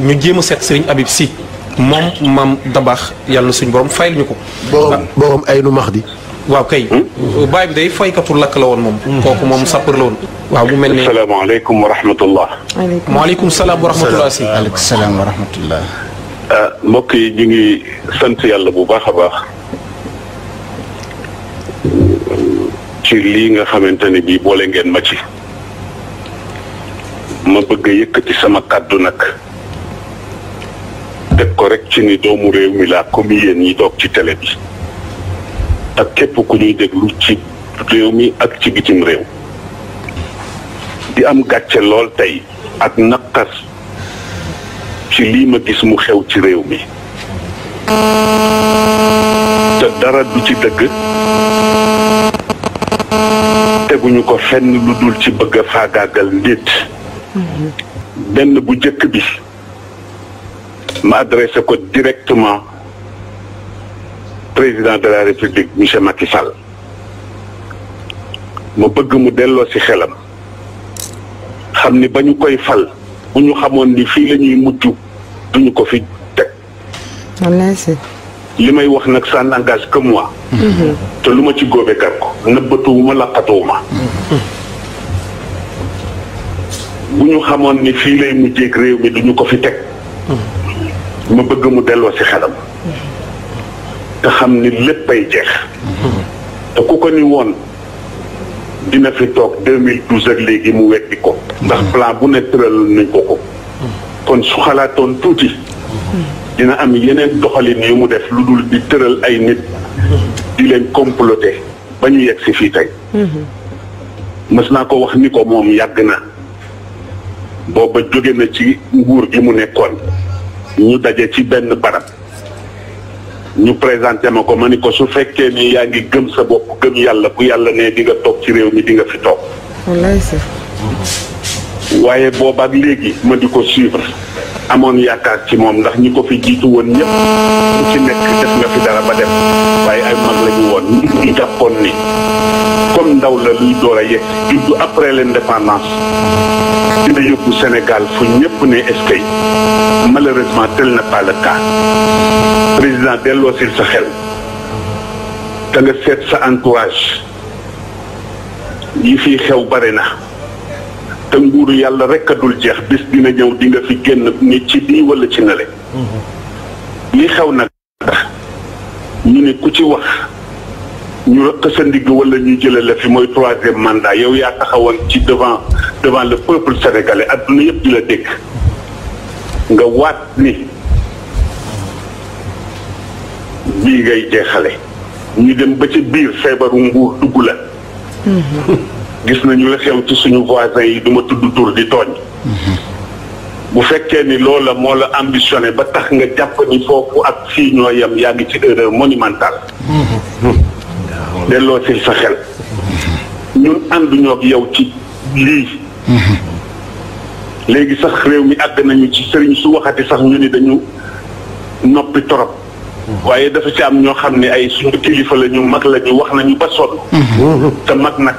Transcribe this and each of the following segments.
ñu jéem a seet Serigne Habib si moom maam Dabaax yàlla suñu borom fay ñu ko. borom borom ay nu max di. waaw kay. Hmm? baay bi day faykatu lakk la woon moom. Hmm. kooku moom sapeur la woon. waaw mu mel ne asalaamaaleykum wa rahmatullah. maaleykum salaam wa rahmatullah si. maaleykum salaam wa ah, mbokk yi ñu ngi sant yàlla bu baax a baax. ci lii nga xamante ne bii boole ngeen ma ci. ma bëgg a yëkkati sama kàddu nag. teg ko rek ci ni doomu réew mi laa comme yéen yi toog ci télé bi ak képp ku ñuy déglu ci réew mi ak ci gitim réew di am gàcce lool tey ak naqas ci lii ma gis mu xew ci réew mi te dara du ci dëgg teguñu ko fenn lu dul ci bëgg a faagaagal nit mhm. benn bu jëkk bi M'adresse ko directement président de la république monsieur Macky Fall. Mon bëgg mu modèle ci xelam xam ni ba ñu koy fal bu ñu ni fii la ñuy mujj duñu ko fi teg. li may wax nag ça n'engage que moi. Mhm. te lu ci góobe gar ko nëbbatuwuma laqatuwuma. Mhm. bu ñu ni fii lay mujjee réew mi duñu ko fi ma bëgg mu delloo ci xelam te xam ni lépp ay jeex te ku ko ni woon dina fi toog 2012 ak léegi mu weddi ko ndax plan bu ne tëral nañ ko ko kon su xalaatoon tuuti dina am yeneen doxalin yi mu def lu dul di tëral ay nit di leen comploter ba ñu yegg si fii tey mës naa ko wax ni ko moom yàgg na booba jóge na ci nguur gi mu nekkoon ñu daje ci benn barab ñu présenté ma ko ma ni ko su fekkee ni yaa ngi gëm sa bopp gëm yàlla bu yàlla ne di nga toog ci réew mi di nga fi toog. waaye booba léegi ma di ko suivre. amoon yaakaar ci moom ndax ñi ko fi jiitu woon ñëpp ku ci nekk def nga fi dara ba dem waaye ay mag la ñu woon ñu jàppoon ni. comme ndaw la luy doole a yegg juddu après l'indépendance dina yóbbu Sénégal fu ñëpp ne eskay malheureusement tel na pale le président delloo sil sa xel te nga seet sa entourage yi fiy xew bare na te nguuru yàlla rekk a dul jeex bis dina ñëw dinga fi génn ni ci bii wala ci nale mhm. li xew nag ñu ne ku ci wax ñu rëq sa ndigg wala ñu jëlee la fi mooy troisième mandat yow yaa taxawoon ci devant devant le peuple sénégalais adduna yëpp di la dégg nga waat ni bii ngay jeexale ñu dem ba ci biir feebaru nguur dugg la gis nañu la xew ci suñu voisin yi duma tudd tur di tooñ bu fekkee ni loola moo la ambitionné ba tax nga jàpp ni foofu ak fii ñoo yem yaa ngi ci erreur monumentale delloo si sa xel ñun ànduñoo ak yow ci lii léegi sax réew mi àgg nañu ci sëriñ su waxati sax ñu ni dañu noppi torop waaye dafa ci am ñoo xam ne ay suñu kilifa la ñu mag la ñu wax nañu ba sonn te mag nag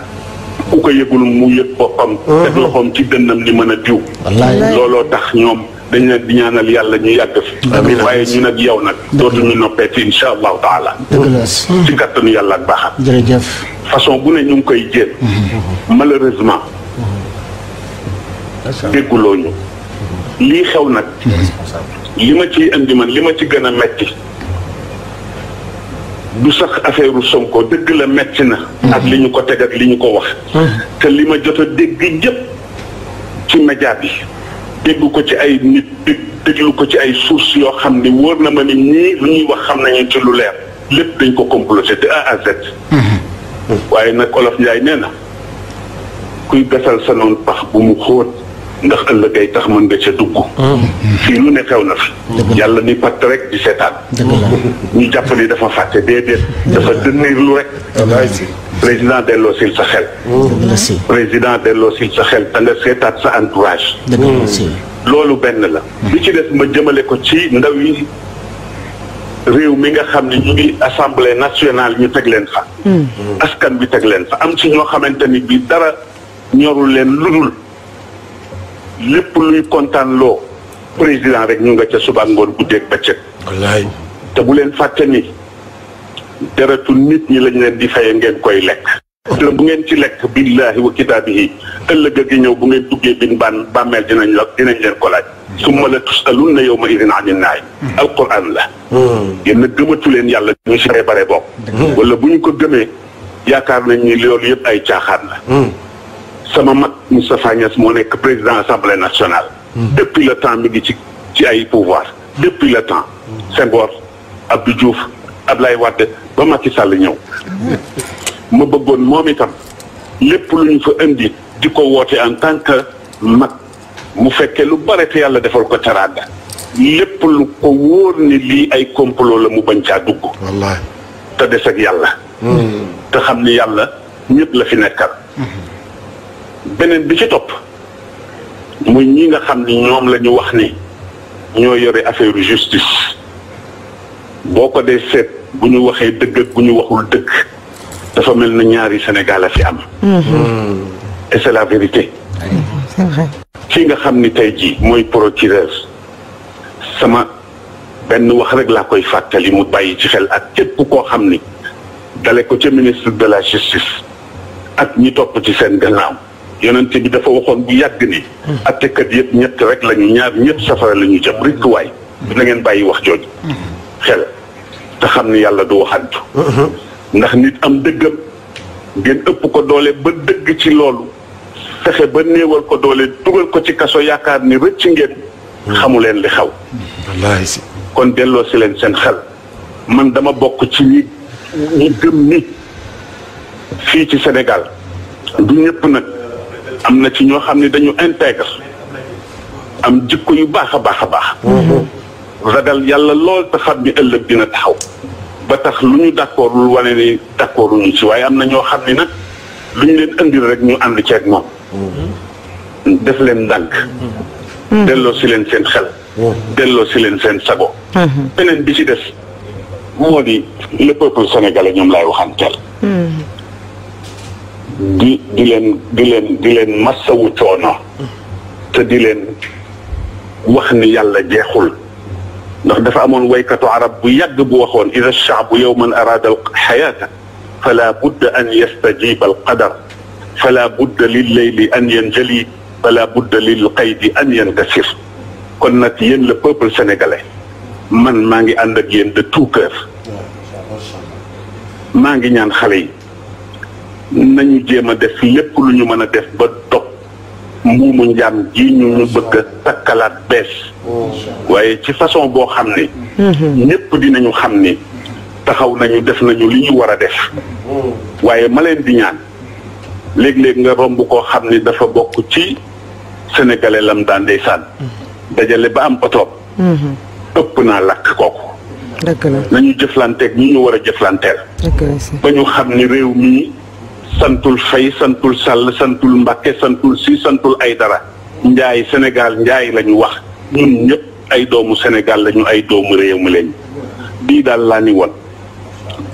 ku ko yëgul mu yëg boppam teg loxoom ci dënnam ni mën a diw looloo tax ñoom dañ leen di ñaanal yàlla ñu yàgg fi waaye ñu nag yow nag dootuñu noppeeti insha allahu taala ci kattanu yàlla ak baaxam jërëjëf façon bu ne ñu ngi koy jéem malheureusement dégguloo ñu lii xew nag li ma ciy indi man li ma ci gën a metti du sax affaire Sonko dëgg la metti na ak li ñu ko teg ak li ñu ko wax te li ma jot a dégg yëpp ci média bi dégg ko ci ay nit déglu ko ci ay sources yoo xam ni wóor na ma ni ñii lu ñuy wax xam nañu ci lu leer lépp dañ ko comploté de A à Z. Mm-hmm. waaye nag olof Njaay nee na kuy gasal sa noon pax bu mu xóot ndax ëllëg ay tax mën nga ca dugg. Mm-hmm. fii lu ne xew na fi. yàlla ni patt rek di seetaan. ñu jàpp ni dafa fàtte déedéet. dafa dënniir lu rek. président delloo sil sa xel. président delloo sil sa xel te nga seetaat sa entourage. loolu benn la. li ci des ma jëmale ko ci ndaw yi réew mi nga xam ni ñu ngi assemblée nationale ñu teg leen fa. Hmm. askan bi teg leen fa am si ñoo xamante ni bi dara ñorul leen ludul lépp luy kontaan loo président rek ñu nga ca suba ngoon guddeeg bëccëg. te bu leen fàtte ni. deretu nit ñi lañ leen di faye ngeen koy lekk bu ngeen ci lekk billaahi wa kitaabihi ëllëg a gi ñëw bu ngeen duggee bin baan bàmmeel dinañ la dinañ leen ko laaj summa la tusalunna yawma idin anin naay alquran la yéen gëmatu leen yàlla ñu si bare bare bokk wala bu ñu ko gëmee yaakaar nañ ni loolu yëpp ay caaxaan la sama mag Moustapha Niass moo nekk président assemblée nationale depuis le temps mi ngi ci ci ay pouvoir depuis le temps Senghor Abdou Diouf lay Wade ba Macky Sall ñëw ma bëggoon moom itam lépp lu ñu fa indi di ko woote en tant que mag mu fekkee lu bare te yàlla defal ko teraanga lépp lu ko wóor ni lii ay complot la mu bañ caa dugg te des yàlla te xam ni yàlla ñëpp la fi nekkal beneen bi ci topp mu ñi nga xam ni ñoom la ñu wax ni ñoo yore affaire justice boko ko set buñu bu deug ak buñu waxul deug dafa melni ñaari sénégalais fi am. Mm-hmm. et c'est la vérité. ci nga xamni ni ji moy procureur sama ben wax rek la koy fatali mu bayyi ci xel ak cëpp ko xamni ni ko ci ministre de la justice ak ñi top ci sen gannaaw yonenté bi dafa waxon bu yàgg ni mm-hmm. kat yépp ñett rek lañu ñaar ñëpp safara lañu jëm rikk da mm-hmm. ngeen bayyi wax jojj xel te xam ni yàlla du waxantu mm-hmm. ndax nit am dëggam ngeen ëpp ko doole ba dëgg ci loolu fexe ba néewal ko doole dugal ko ci kaso yaakaar ni rëcc ngeen mm-hmm. xamu leen li xaw kon delloo si leen seen xel man dama bokk ci ñi ñi gëm ni fii ci senegal du ñépp nag am na ci ñoo xam ne dañu intègre am jikko yu baax a baax a baax mm-hmm. ragal yàlla lol te xam ni ëllëg dina taxaw ba tax lu ñu d'accord lu wane ni d'accord ñu ci waaye am na ñoo xam ni nag lu ñu leen indil rek ñu ànd ci ak mom def leen dank dello ci leen seen xel dello ci leen seen sago benen bi ci def modi le peuple sénégalais ñom lay waxan tel di di leen di leen di leen massawu coono te di leen wax ni yàlla jeexul ndax dafa amoon waykatu arab bu yàgg bu waxoon ida shaabu yowman araada alxayaata fala budda an yastajiba alqadar fala budda lilleyli an yanjali fala budda lilqaydi an yankasir kon nag yéen le peuple sénégalais man maa ngi ànd ak yéen de tout cœur maa ngi ñaan xale yi nañu jéem a def lépp lu ñu mën a def ba dox muumu njaam ji ñu mu bëgg takkalaat bees waaye ci façon boo xam ne ñépp dinañu xam ni taxaw nañu def nañu li ñu war a def waaye ma leen di ñaan léeg-léeg nga romb koo xam ne dafa bokk ci sénégalais lam daan ndeysaan dajale ba am otoom ëpp naa lakk kooku nañu jëflanteeg ñu ñu war jëflanteel ba ñu xam ni réew mii santul fay santul sàll santul mbàkke santul si santul ay dara njaay sénégal njaay la wax ñun ñépp ay doomu sénégal lañu ay doomu réew mi leen bii daal laa ni woon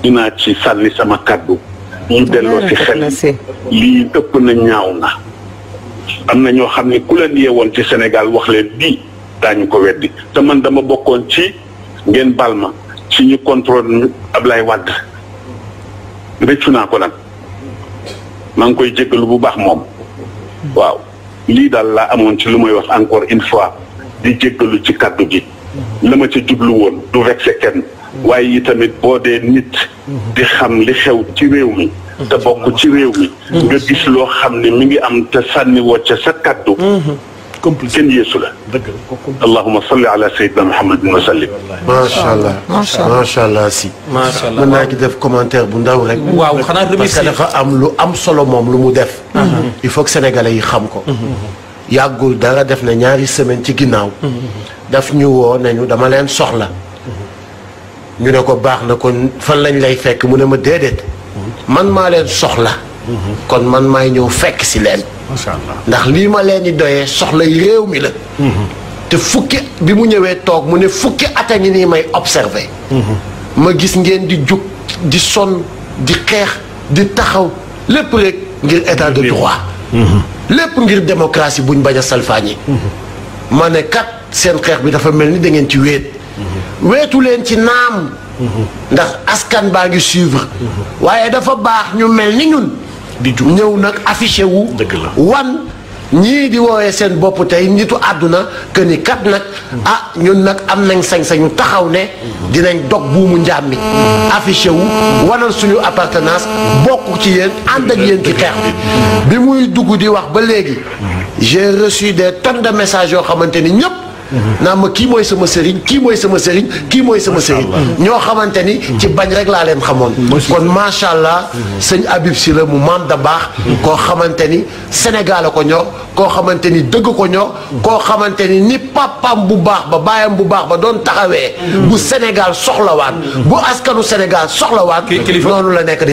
dinaa ci sànni sama kàddu ñu delloo ci xel lii ëpp na ñaaw na am na ñoo xam ne ku leen woon ci sénégal wax leen bii daañu ko weddi te man dama bokkoon ci ngeen baal ma ci ñu contrôle Ablaye Wade rëccu naa ko nag maa ngi koy jéggalu bu baax moom waaw lii daal laa amoon ci lu may wax encore une fois di jéggalu ci kàddu gi la ma ca jublu woon du vexé kenn waaye yi tamit boo dee nit di xam li xew ci réew mi te bokk ci réew mi nga gis loo xam ne mu ngi am te sànni woo ca sa kàddu complice kenn yeesu la. dëgg la allahumma salli ala sayyidina Muhammad wa sallim. macha allah macha allah macha allah si. macha allah mën naa ci def commentaire bu ndaw rek. waaw xanaa remercier parce que dafa am lu am solo moom lu mu def. il faut que sénégalais yi xam ko. yàggul dara def na ñaari semaine ci ginnaaw. daf ñu woo nañu dama leen soxla. ñu ne ko baax na kon fan lañ lay fekk mu ne ma déedéet. man maa leen soxla. kon man maay ñëw fekk si leen. macha ndax lii ma leen di doyee soxla yi réew mi la. te fukki bi mu ñëwee toog mu ne fukki at a ngi nii may observé. ma gis ngeen di jug di sonn di xeex di taxaw lépp rek ngir état de droit. lépp ngir démocratie buñ bañ a salfaañi. ma ne kat seen xeex bi dafa mel ni dangeen ci wéet. weetu leen ci naam. ndax askan baa ngi suivre. waaye dafa baax ñu mel ni ñun. di jug ñëw nag affiché wu. wan ñi di woowee sen bop tay nitu aduna que ni kat nak ah ñun nak am nañ sañ-sañu taxaw ne dinañ dog bu mu mi affiché wu wanal suñu appartenance bokku ci yeen ànd ak yéen ci xex bi bi muy dugg di wax ba légui j'ai reçu des tonnes de messages yo xamanteni ni ñëpp naa ma kii mooy sama sëriñ kii mooy sama sëriñ kii mooy sama sëriñ ñoo xamante ni ci bañ rek laa leen xamoon kon macha allah sëñ Habib si la mu maam da baax koo xamante ni Sénégal ko ñoo koo xamante ni dëgg ko ñoo koo xamante ni ni papam bu baax ba baayam bu baax ba doon taxawee mm. bu Sénégal soxlawaat bu askanu Sénégal soxlawaat noonu la nekk